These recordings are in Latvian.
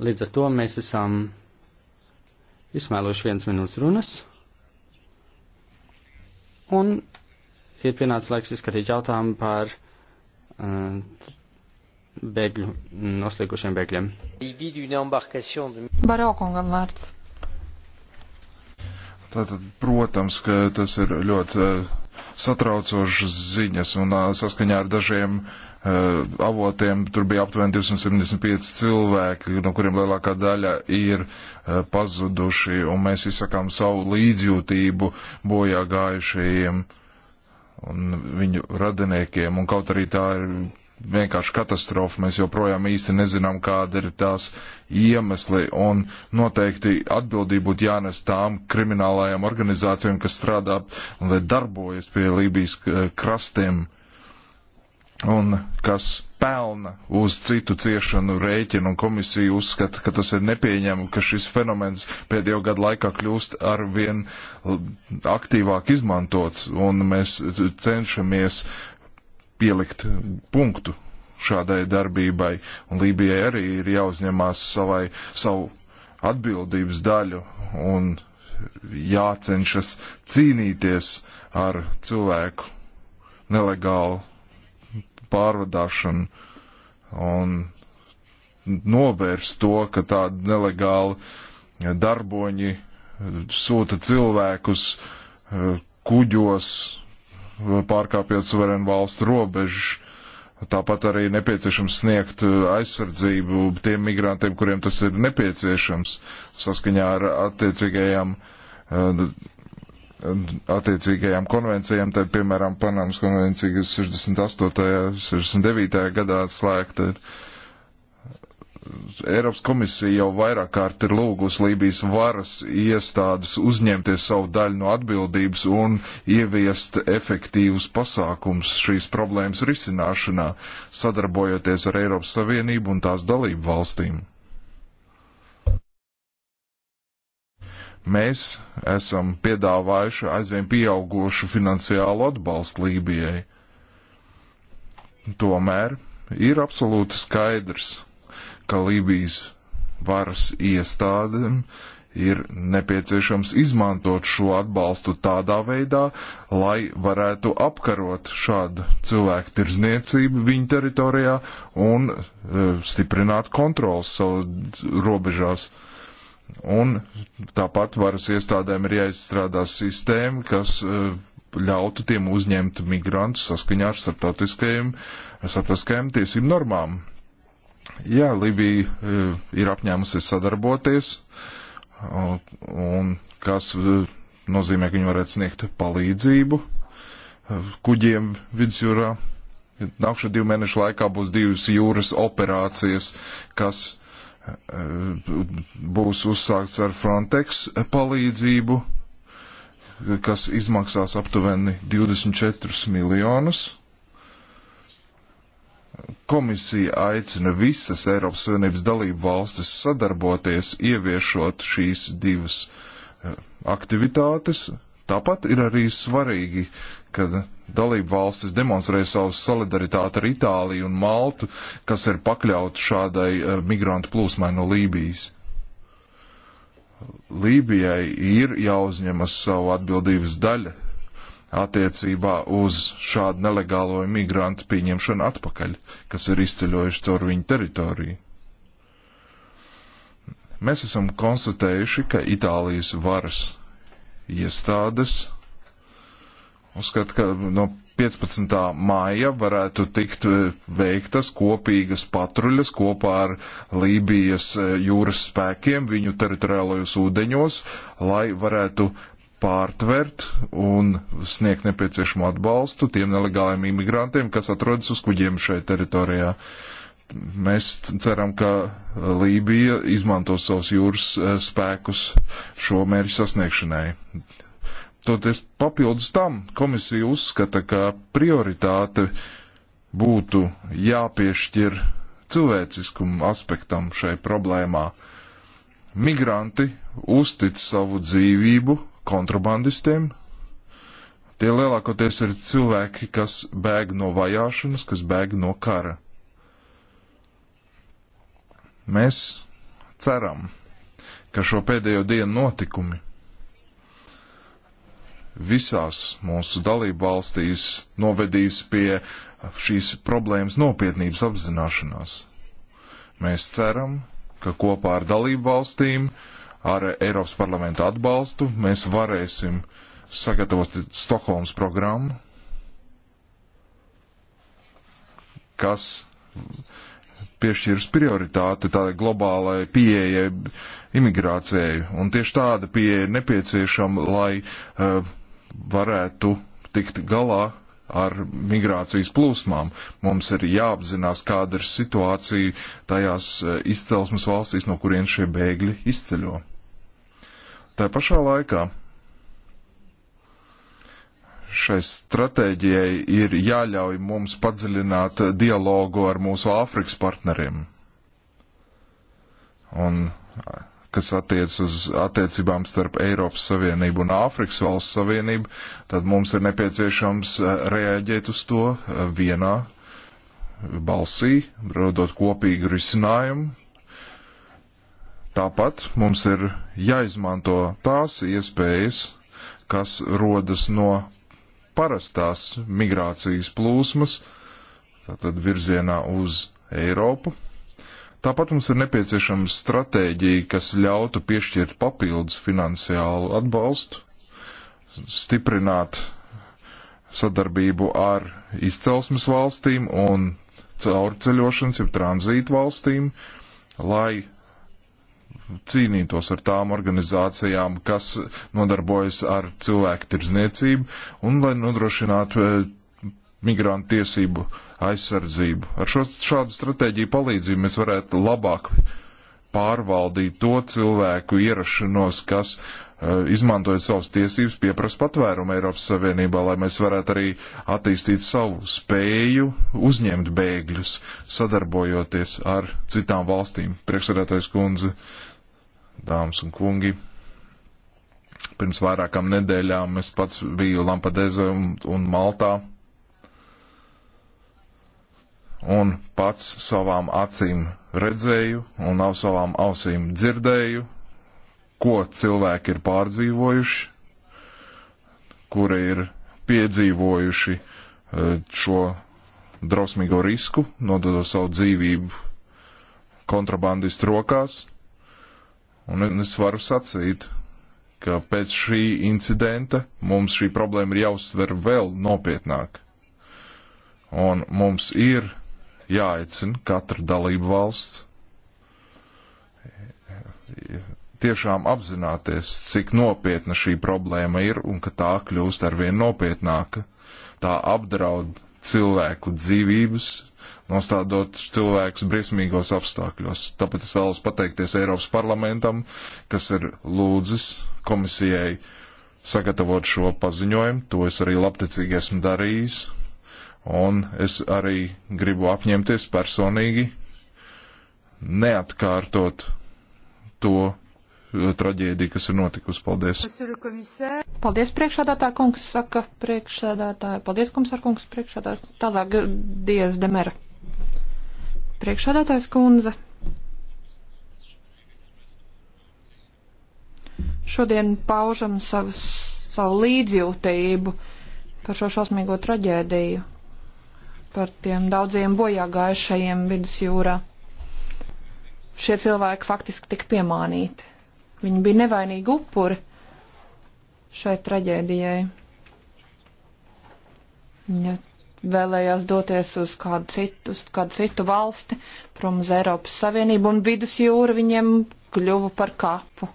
Līdz ar to mēs esam izsmēluši viens minūtes runas. Un ir pienācis laiks izskatīt jautājumu par uh, bēgļu, noslīkušiem bēgļiem. Barokungam vārds. Tātad, protams, ka tas ir ļoti uh, satraucošas ziņas, un saskaņā ar dažiem uh, avotiem tur bija aptuveni 275 cilvēki, no kuriem lielākā daļa ir uh, pazuduši, un mēs izsakām savu līdzjūtību bojā gājušajiem un viņu radiniekiem, un kaut arī tā ir vienkārši katastrofa. Mēs joprojām īsti nezinām, kāda ir tās iemesli, un noteikti atbildība būtu jānes tām kriminālajām organizācijām, kas strādā un darbojas pie Lībijas eh, krastiem un kas pelna uz citu ciešanu rēķinu, un komisija uzskata, ka tas ir nepieņemami, ka šis fenomens pēdējo gadu laikā kļūst ar vien eh, aktīvāk izmantots, un mēs cenšamies pielikt eh, punktu šādai darbībai, un Lībijai arī ir jāuzņemās savai, savu atbildības daļu un jācenšas cīnīties ar cilvēku nelegālu pārvadāšanu un novērst to, ka tādi nelegāli eh, darboņi eh, sūta cilvēkus kuģos pārkāpjot suverēnu valstu robežu. Tāpat arī nepieciešams sniegt uh, aizsardzību tiem migrantiem, kuriem tas ir nepieciešams, saskaņā ar attiecīgajām, uh, attiecīgajām konvencijām, tad, piemēram, Panamas konvencija, kas 68. un 69. gadā slēgta ir Eiropas komisija jau vairāk kārt ir lūgusi Lībijas varas iestādes uzņemties savu daļu no atbildības un ieviest efektīvus pasākums šīs problēmas risināšanā, sadarbojoties ar Eiropas Savienību un tās dalību valstīm. Mēs esam piedāvājuši aizvien pieaugošu finansiālu atbalstu Lībijai. Tomēr ir absolūti skaidrs, ka Lībijas varas iestādēm ir nepieciešams izmantot šo atbalstu tādā veidā, lai varētu apkarot šādu cilvēku tirzniecību viņa teritorijā un e, stiprināt kontrols savas robežās. Un tāpat varas iestādēm ir jāizstrādā sistēma, kas e, ļautu tiem uzņemt migrantus saskaņā ar starptautiskajiem, starptautiskajiem tiesību normām. Jā, Libija e, ir apņēmusies sadarboties, un kas e, nozīmē, ka viņi varētu sniegt palīdzību e, kuģiem vidusjūrā. Nākšu divu mēnešu laikā būs divas jūras operācijas, kas būs uzsākts ar Frontex palīdzību, kas izmaksās aptuveni 24 miljonus Komisija aicina visas Eiropas Savienības dalību valstis sadarboties, ieviešot šīs divas eh, aktivitātes. Tāpat ir arī svarīgi, ka dalību valstis demonstrē savu solidaritāti ar Itāliju un Maltu, kas ir pakļauti šādai eh, migrantu plūsmai no Lībijas. Lībijai ir jāuzņemas savu atbildības daļu attiecībā uz šādu nelegālo imigrantu pieņemšanu atpakaļ, kas ir izceļojuši caur viņu teritoriju. Mēs esam konstatējuši, ka Itālijas varas iestādes uzskata, ka no 15. māja varētu tikt e, veiktas kopīgas patruļas kopā ar Lībijas e, jūras spēkiem viņu teritoriālajos ūdeņos, lai varētu pārtvert un sniegt nepieciešamo atbalstu tiem nelegāliem imigrantiem, kas atrodas uz kuģiem šajā teritorijā. Mēs ceram, ka Lībija izmantos savus jūras eh, spēkus šo mērķu sasniegšanai. Toties papildus tam komisija uzskata, ka prioritāte būtu jāpiešķir cilvēciskumu aspektam šai problēmā. Migranti uztic savu dzīvību kontrabandistiem. Tie lielākoties ir cilvēki, kas bēg no vajāšanas, kas bēg no kara. Mēs ceram, ka šo pēdējo dienu notikumi visās mūsu dalību valstīs novedīs pie šīs problēmas nopietnības apzināšanās. Mēs ceram, ka kopā ar dalību valstīm uh, ar Eiropas parlamenta atbalstu mēs varēsim sagatavot Stokholmas programmu, kas piešķirs prioritāti tādai globālai pieejai imigrācijai. Un tieši tāda pieeja ir nepieciešama, lai uh, varētu tikt galā ar migrācijas plūsmām. Mums ir jāapzinās, kāda ir situācija tajās eh, izcelsmes valstīs, no kurien šie bēgļi izceļo. Tā pašā laikā šai stratēģijai ir jāļauj mums padziļināt dialogu ar mūsu Āfrikas partneriem. Un kas attiec uz attiecībām starp Eiropas Savienību un Āfrikas valsts Savienību, tad mums ir nepieciešams eh, reaģēt uz to eh, vienā balsī, rodot kopīgu risinājumu, Tāpat mums ir jāizmanto tās iespējas, kas rodas no parastās migrācijas plūsmas, tātad virzienā uz Eiropu. Tāpat mums ir nepieciešama stratēģija, kas ļautu piešķirt papildus finansiālu atbalstu, stiprināt sadarbību ar izcelsmes valstīm un caurceļošanas, jeb tranzītu valstīm, lai cīnītos ar tām organizācijām, kas nodarbojas ar cilvēku tirdzniecību un lai nodrošinātu eh, migrantu tiesību aizsardzību. Ar šo, šādu stratēģiju palīdzību mēs varētu labāk pārvaldīt to cilvēku ierašanos, kas uh, izmantojot savas tiesības, pieprasa patvērumu Eiropas Savienībā, lai mēs varētu arī attīstīt savu spēju uzņemt bēgļus, sadarbojoties ar citām valstīm. Priekšsēdētais kundze, uh, dāmas un kungi. Pirms vairākām nedēļām es pats biju Lampedēzē un, un Maltā un pats savām acīm redzēju un no savām ausīm dzirdēju, ko cilvēki ir pārdzīvojuši, kuri ir piedzīvojuši eh, šo drausmīgo risku, nododot savu dzīvību kontrabandistu rokās. Un es varu sacīt, ka pēc šī incidenta mums šī problēma ir jāuztver vēl nopietnāk. Un mums ir jāaicina katra dalība valsts tiešām apzināties, cik nopietna šī problēma ir un ka tā kļūst arvien nopietnāka. Tā apdraud cilvēku dzīvības, nostādot cilvēkus briesmīgos apstākļos. Tāpēc es vēlos pateikties Eiropas parlamentam, kas ir lūdzis komisijai sagatavot šo paziņojumu. To es arī labticīgi esmu darījis. Un es arī gribu apņemties personīgi neatkārtot to, traģēdiju, kas ir notikusi. Paldies! Paldies, priekšādātā kungs, saka priekšādātāja. Paldies, komisār kungs, priekšādātājs. Tālāk, Dievs Demera. Priekšādātājs kundze. Šodien paužam savus, savu līdzjūtību par šo šausmīgo traģēdiju, par tiem daudziem bojā gājušajiem vidusjūrā. Šie cilvēki faktiski tik piemānīti. Viņi bija nevainīgi upuri šai traģēdijai. Viņa vēlējās doties uz kādu citu, uz kādu citu valsti, prom uz Eiropas Savienību, un vidusjūra viņiem kļuva par kapu.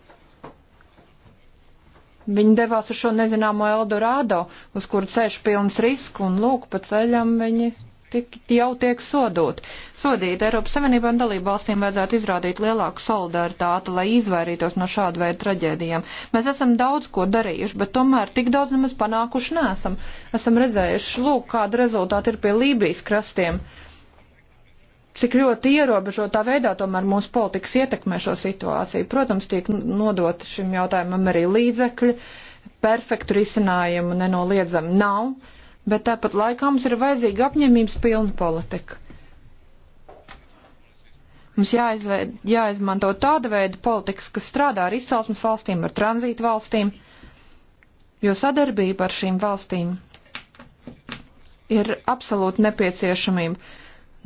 Viņi devās uz šo nezināmo Eldorado, uz kuru ceļš pilns risku, un lūk, pa ceļam viņi tik, jau tiek sodot. Sodīt Eiropas Savienībā un dalību valstīm vajadzētu izrādīt lielāku solidaritāti, lai izvairītos no šāda veida traģēdijām. Mēs esam daudz ko darījuši, bet tomēr tik daudz nemaz panākuši nesam. Esam redzējuši, lūk, kāda rezultāta ir pie Lībijas krastiem. Cik ļoti ierobežotā veidā tomēr mūsu politikas ietekmē šo situāciju. Protams, tiek nodoti šim jautājumam arī līdzekļi. Perfektu risinājumu nenoliedzami nav bet tāpat laikā mums ir vajadzīga apņemības pilna politika. Mums jāizveid, jāizmanto tāda veida politikas, kas strādā ar izcelsmes valstīm, ar tranzītu valstīm, jo sadarbība ar šīm valstīm ir absolūti nepieciešamība.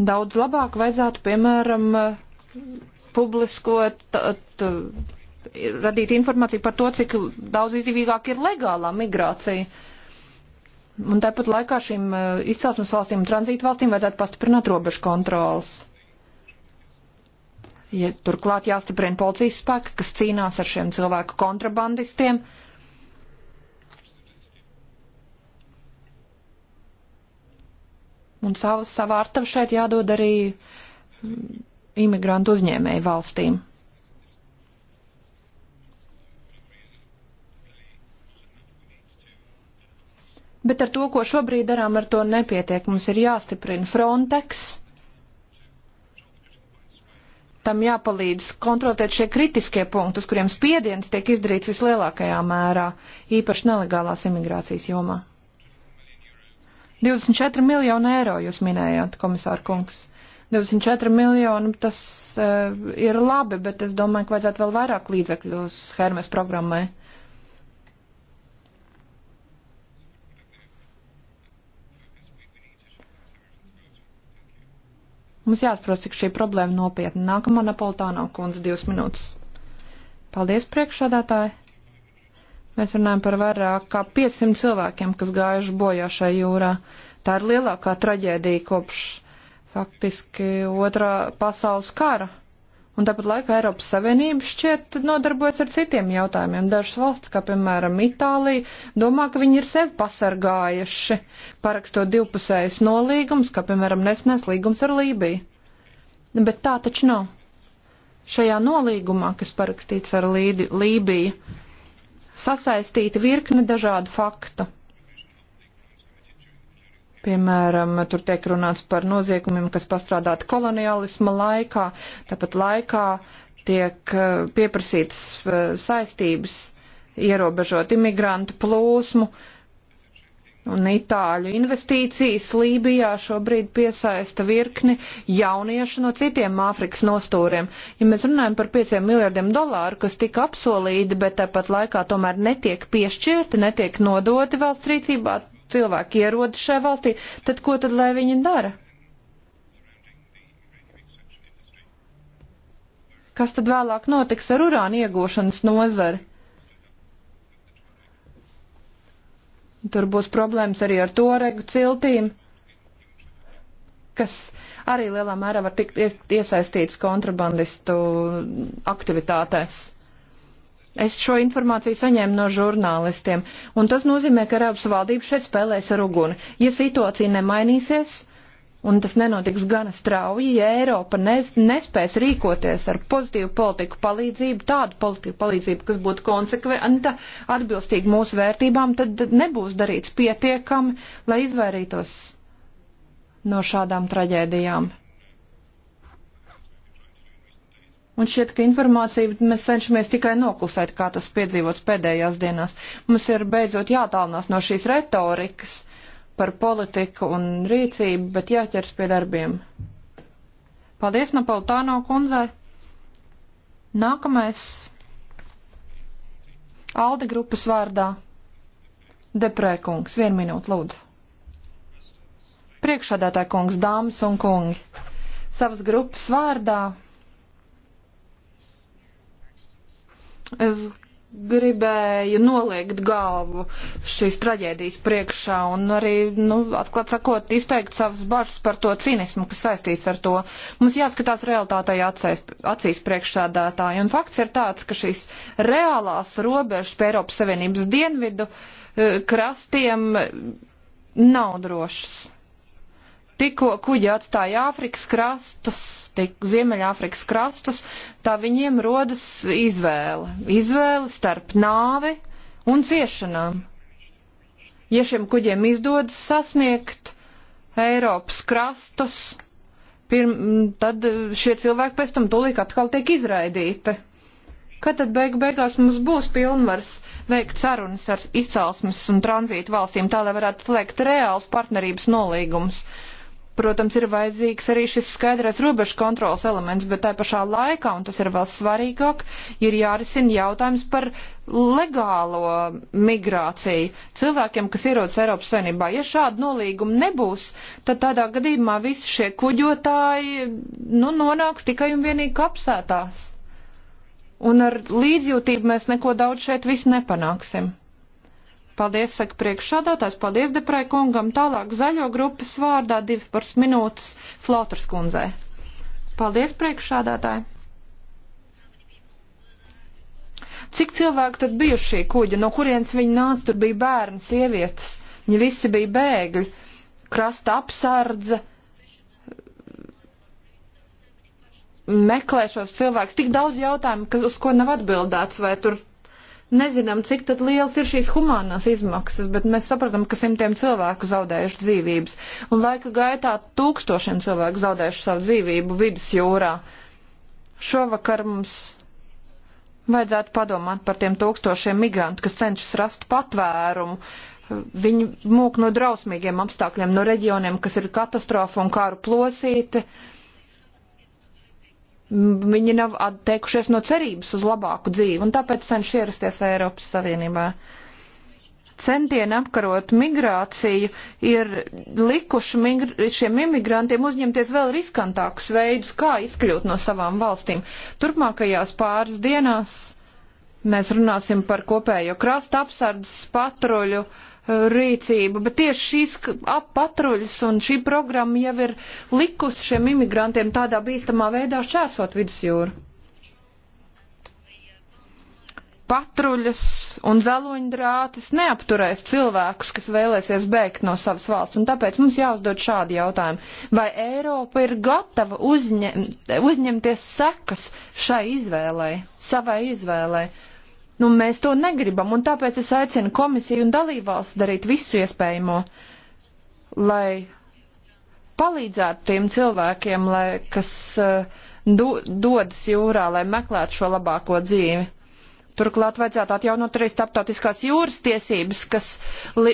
Daudz labāk vajadzētu, piemēram, publiskot, radīt informāciju par to, cik daudz izdevīgāk ir legālā migrācija. Uh, Un tāpat laikā šīm eh, izcelsmes valstīm un tranzītu valstīm vajadzētu pastiprināt robežu kontrolas. Ja, turklāt jāstiprina policijas spēki, kas cīnās ar šiem cilvēku kontrabandistiem. Un savu, savu ārtavu šeit jādod arī mm, imigrantu uzņēmēju valstīm. bet ar to, ko šobrīd darām, ar to nepietiek. Mums ir jāstiprina Frontex. Tam jāpalīdz kontrolēt šie kritiskie punkti, uz kuriem spiediens tiek izdarīts vislielākajā mērā, īpaši nelegālās imigrācijas jomā. 24 miljonu eiro jūs minējāt, komisāra kungs. 24 miljoni tas uh, ir labi, bet es domāju, ka vajadzētu vēl vairāk līdzekļus Hermes programmai. Mums jāsaprot, cik šī problēma nopietna. Nākamā Napolitāno kundze divas minūtes. Paldies, priekšsādātāji! Mēs runājam par vairāk kā 500 cilvēkiem, kas gājuši bojā šai jūrā. Tā ir lielākā traģēdija kopš faktiski otrā pasaules kara. Un tāpat laikā Eiropas Savienība šķiet nodarbojas ar citiem jautājumiem. Dažas valsts, kā piemēram Itālija, domā, ka viņi ir sevi pasargājuši, parakstot divpusējus nolīgumus, kā piemēram nesnēs līgums ar Lībiju. Bet tā taču nav. Šajā nolīgumā, kas parakstīts ar Lībiju, sasaistīta virkne dažādu faktu Piemēram, tur tiek runāts par noziegumiem, kas pastrādāti kolonialisma laikā, tāpat laikā tiek eh, pieprasītas eh, saistības ierobežot imigrantu plūsmu, un Itāļu investīcijas Lībijā šobrīd piesaista virkni jauniešu no citiem Āfrikas nostūriem. Ja mēs runājam par 5 miljardiem dolāru, kas tika apsolīti, bet tāpat laikā tomēr netiek piešķirti, netiek nodoti valsts rīcībā, cilvēki ierodas šai valstī, tad ko tad lai viņi dara? Kas tad vēlāk notiks ar urāna iegūšanas nozari? Tur būs problēmas arī ar toregu ciltīm, kas arī lielā mērā var tikt iesaistīts kontrabandistu aktivitātēs. Es šo informāciju saņēmu no žurnālistiem, un tas nozīmē, ka Arabas valdība šeit spēlēs ar uguni. Ja situācija nemainīsies, un tas nenotiks gana strauji, ja Eiropa nes, nespēs rīkoties ar pozitīvu politiku palīdzību, tādu politiku palīdzību, kas būtu konsekventa, atbilstīga mūsu vērtībām, tad nebūs darīts pietiekami, lai izvairītos no šādām traģēdijām. Un šķiet, ka informāciju mēs cenšamies tikai noklusēt, kā tas piedzīvots pēdējās dienās. Mums ir beidzot jātālinās no šīs retorikas par politiku un rīcību, bet jāķers pie darbiem. Paldies, Napolitāno kundzei! Nākamais Alde grupas vārdā Deprēkungs, vien minūte lūdzu. Priekšādātāja kungs, dāmas un kungi, savas grupas vārdā Es gribēju noliegt galvu šīs traģēdijas priekšā un arī, nu, atklāt sakot, izteikt savas bažas par to cinismu, kas saistīts ar to. Mums jāskatās realitātei acīs, acīs priekšsādātāji. Un fakts ir tāds, ka šīs reālās robežas pie Eiropas Savienības dienvidu eh, krastiem nav drošas Tikko kuģi atstāja Āfrikas krastus, Ziemeļāfrikas krastus, tā viņiem rodas izvēle. Izvēle starp nāvi un ciešanām. Ja šiem kuģiem izdodas sasniegt Eiropas krastus, pirm, tad šie cilvēki pēc tam tūlīt atkal tiek izraidīti. Kad tad beigu beigās mums būs pilnvars veikt sarunas ar izcelsmes un tranzītu valstīm, tā lai varētu slēgt reāls partnerības nolīgums protams, ir vajadzīgs arī šis skaidrais robežu kontrols elements, bet tā pašā laikā, un tas ir vēl svarīgāk, ir jārisina jautājums par legālo migrāciju cilvēkiem, kas ierodas Eiropas Savienībā. Ja šāda nolīguma nebūs, tad tādā gadījumā visi šie kuģotāji nu, nonāks tikai un vienīgi kapsētās. Un ar līdzjūtību mēs neko daudz šeit visi nepanāksim. Paldies, saka priekšsādātājs, paldies Deprai kungam. Tālāk zaļo grupas vārdā divi pars minūtes Flotras kundzei. Paldies, priekšsādātāji. Cik cilvēki tad bija šī kuģa, no kurienes viņi nāca, tur bija bērni, sievietes, viņi visi bija bēgļi, krasta apsardze, meklē šos cilvēkus. Tik daudz jautājumu, uz ko nav atbildēts, vai tur nezinām, cik tad liels ir šīs humānās izmaksas, bet mēs saprotam, ka simtiem cilvēku zaudējuši dzīvības. Un laika gaitā tūkstošiem cilvēku zaudējuši savu dzīvību vidusjūrā. Šovakar mums vajadzētu padomāt par tiem tūkstošiem migrantu, kas cenšas rast patvērumu. Viņi mūk no drausmīgiem apstākļiem, no reģioniem, kas ir katastrofa un kāru plosīti. Uh, Viņi nav atteikušies no cerības uz labāku dzīvi, un tāpēc cenšas ierasties Eiropas Savienībā centieni apkarot migrāciju ir likuši migr šiem imigrantiem uzņemties vēl riskantākus veidus, kā izkļūt no savām valstīm. Turpmākajās pāris dienās mēs runāsim par kopējo krasta apsardzes patruļu uh, rīcību, bet tieši šīs patruļas un šī programma jau ir likusi šiem imigrantiem tādā bīstamā veidā šķērsot vidusjūru. Patruļas un zaloņdrātis neapturēs cilvēkus, kas vēlēsies bēgt no savas valsts, un tāpēc mums jāuzdod šādi jautājumi. Vai Eiropa ir gatava uzņem, uzņemties sekas šai izvēlei, savai izvēlei? Nu, mēs to negribam, un tāpēc es aicinu komisiju un dalībvalstu darīt visu iespējamo, lai palīdzētu tiem cilvēkiem, lai, kas eh, do, dodas jūrā, lai meklētu šo labāko dzīvi. Turklāt vajadzētu atjaunot arī starptautiskās jūras tiesības, kas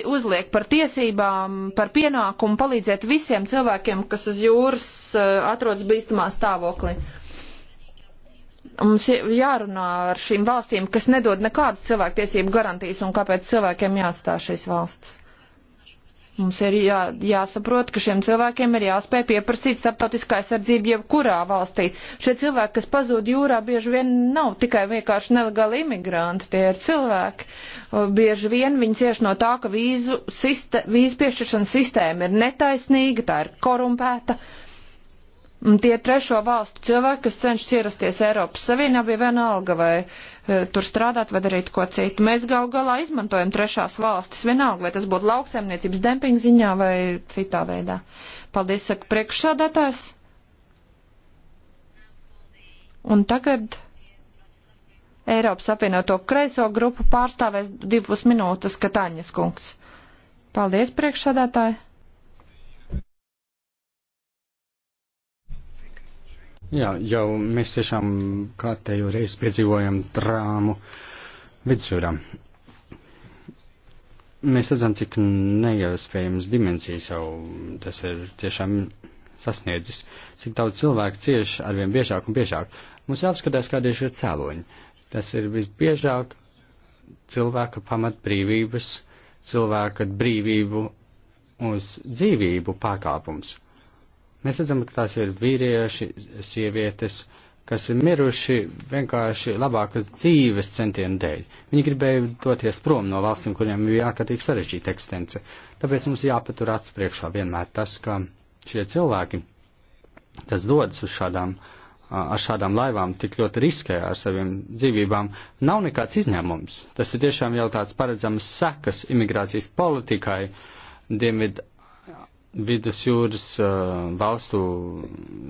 uzliek par tiesībām, par pienākumu palīdzēt visiem cilvēkiem, kas uz jūras eh, atrodas bīstamā stāvoklī. Mums ir jārunā ar šīm valstīm, kas nedod nekādas cilvēktiesību garantijas un kāpēc cilvēkiem jāatstāj šīs valstis. Mums ir jā, jāsaprot, ka šiem cilvēkiem ir jāspēj pieprasīt starptautiskā aizsardzība jebkurā valstī. Šie cilvēki, kas pazūd jūrā, bieži vien nav tikai vienkārši nelegāli imigranti, tie ir cilvēki. Bieži vien viņi cieši no tā, ka vīzu, siste, vīzu piešķiršanas sistēma ir netaisnīga, tā ir korumpēta. Uh, Mm, tie trešo valstu cilvēki, kas cenšas ierasties Eiropas Savienībā, vienalga vai e, tur strādāt vai darīt ko citu. Mēs gal galā izmantojam trešās valstis, vienalga vai tas būtu lauksaimniecības dempinga ziņā vai citā veidā. Paldies, saka priekšsādātājs. Un tagad Eiropas apvienoto kreiso grupu pārstāvēs divas minūtes Kataņas kungs. Paldies, priekšsādātāji! Jā, jau mēs tiešām kārtējo reizi piedzīvojam drāmu vidusjūrā. Mēs redzam, cik neiespējams dimensijas jau tas ir tiešām sasniedzis, cik daudz cilvēku cieš arvien biežāk un biežāk. Mums jāapskatās, kādi ir šie cēloņi. Tas ir visbiežāk cilvēka pamatbrīvības, cilvēka brīvību uz dzīvību pārkāpums. Mēs redzam, ka tās ir vīrieši, sievietes, kas ir miruši vienkārši labākas dzīves centienu dēļ. Viņi gribēja doties prom no valstīm, kuriem bija ārkārtīgi sarežģīta eksistence. Tāpēc mums jāpatur acis priekšā vienmēr tas, ka šie cilvēki, kas dodas uz šādām, ar šādām laivām, tik ļoti riskē ar saviem dzīvībām, nav nekāds izņēmums. Tas ir tiešām jau tāds paredzams sekas imigrācijas politikai Dienvidu vidus jūras uh, valstu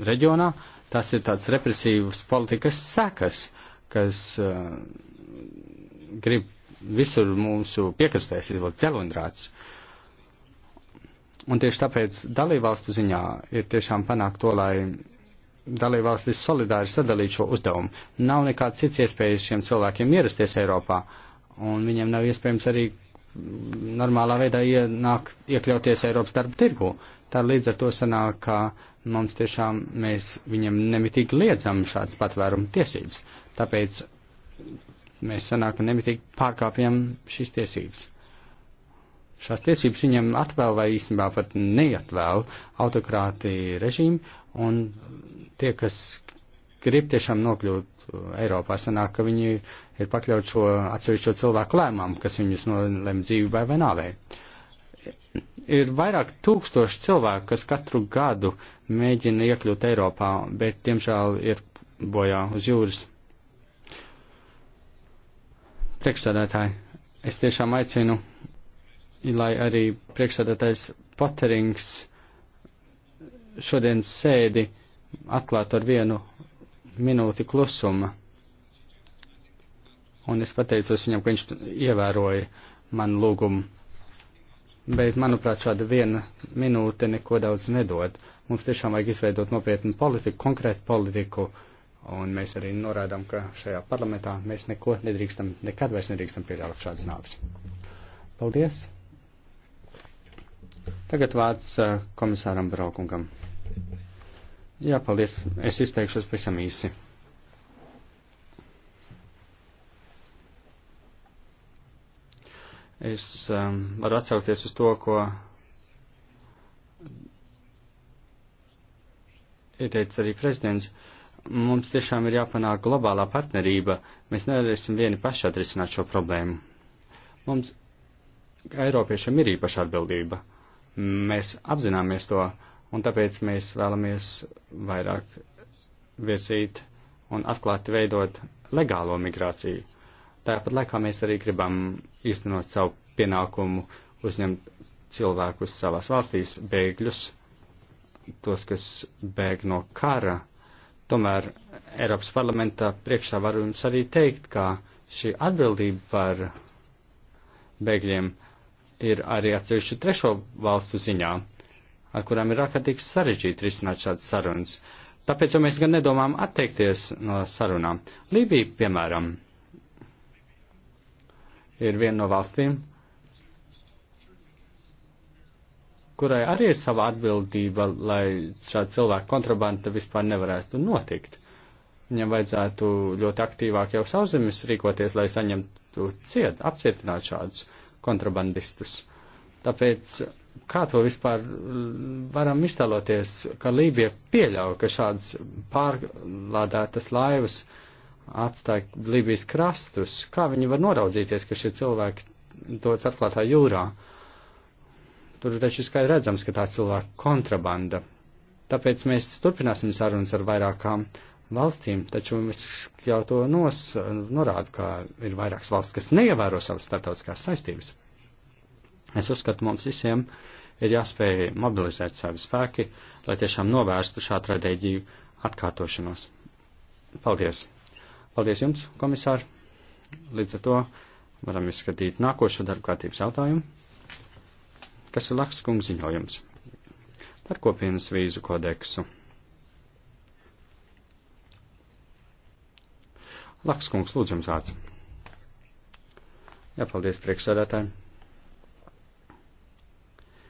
reģionā, tas ir tāds represīvas politikas sekas, kas uh, grib visur mūsu piekrastēs izvilkt ceļundrāts. Un tieši tāpēc dalībvalstu ziņā ir tiešām panākt to, lai dalībvalstis solidāri sadalītu šo uzdevumu. Nav nekāds cits iespējas šiem cilvēkiem ierasties Eiropā, un viņiem nav iespējams arī normālā veidā ienāk, iekļauties Eiropas darba tirgu. Tā līdz ar to sanāk, ka mums tiešām mēs viņam nemitīgi liedzam šāds patvērumu tiesības. Tāpēc mēs sanāk, ka nemitīgi pārkāpjam šīs tiesības. Šās tiesības viņam atvēl vai īstenībā pat neatvēl autokrāti režīmi un tie, kas grib tiešām nokļūt uh, Eiropā, sanāk, ka viņi ir pakļaut šo atsevišķo cilvēku lēmumu, kas viņus nolem dzīvībai vai nāvei. Ir vairāk tūkstoši cilvēku, kas katru gadu mēģina iekļūt Eiropā, bet, diemžēl, ir bojā uz jūras. Priekšsēdētāji, es tiešām aicinu, lai arī priekšsēdētājs Poterings šodien sēdi atklāt ar vienu minūti klusuma. Un es pateicos viņam, ka viņš ievēroja manu lūgumu. Bet, manuprāt, šāda viena minūte neko daudz nedod. Mums tiešām vajag izveidot nopietnu politiku, konkrētu politiku. Un mēs arī norādām, ka šajā parlamentā mēs neko nedrīkstam, nekad vairs nedrīkstam pieļaut šādas nāves. Paldies! Tagad vārds eh, komisāram Braukungam. Jā, paldies. Es izteikšos pavisam īsi. Es um, varu atsaukties uz to, ko ieteica arī prezidents. Mums tiešām ir jāpanāk globālā partnerība. Mēs nevarēsim vieni paši atrisināt šo problēmu. Mums, kā Eiropiešiem, ir īpaša atbildība. Mēs apzināmies to un tāpēc mēs vēlamies vairāk virzīt un atklāti veidot legālo migrāciju. Tāpat laikā mēs arī gribam īstenot savu pienākumu uzņemt cilvēkus savās valstīs, bēgļus, tos, kas bēg no kara. Tomēr Eiropas parlamenta priekšā var jums arī teikt, ka šī atbildība par bēgļiem ir arī atsevišķu trešo valstu ziņā ar kurām ir ārkārtīgi sarežģīti risināt šādas sarunas. Tāpēc jau mēs gan nedomājam atteikties no sarunām. Lībija, piemēram, ir viena no valstīm, kurai arī ir sava atbildība, lai šāda cilvēka kontrabanda vispār nevarētu notikt. Viņam vajadzētu ļoti aktīvāk jau sauszemes rīkoties, lai saņemtu ciet, apcietinātu šādus kontrabandistus. Tāpēc kā to vispār varam iztēloties, ka Lībija pieļauj, ka šādas pārlādētas laivas atstāja Lībijas krastus? Kā viņi var noraudzīties, ka šie cilvēki dodas atklātā jūrā? Tur taču skaidri redzams, ka tā cilvēka kontrabanda. Tāpēc mēs turpināsim sarunas ar vairākām valstīm, taču jau to nos, norāda, ka ir vairākas valsts, kas neievēro savas starptautiskās saistības. Es uzskatu, mums visiem ir jāspēj mobilizēt savi spēki, lai tiešām novērstu šādu traģēdiju atkārtošanos. Paldies! Paldies jums, komisār! Līdz ar to varam izskatīt nākošo darba kārtības jautājumu, kas ir Laks kungs ziņojums par kopienas vīzu kodeksu. Laks kungs, lūdzu jums vārds. Jā, paldies priekšsēdētājiem!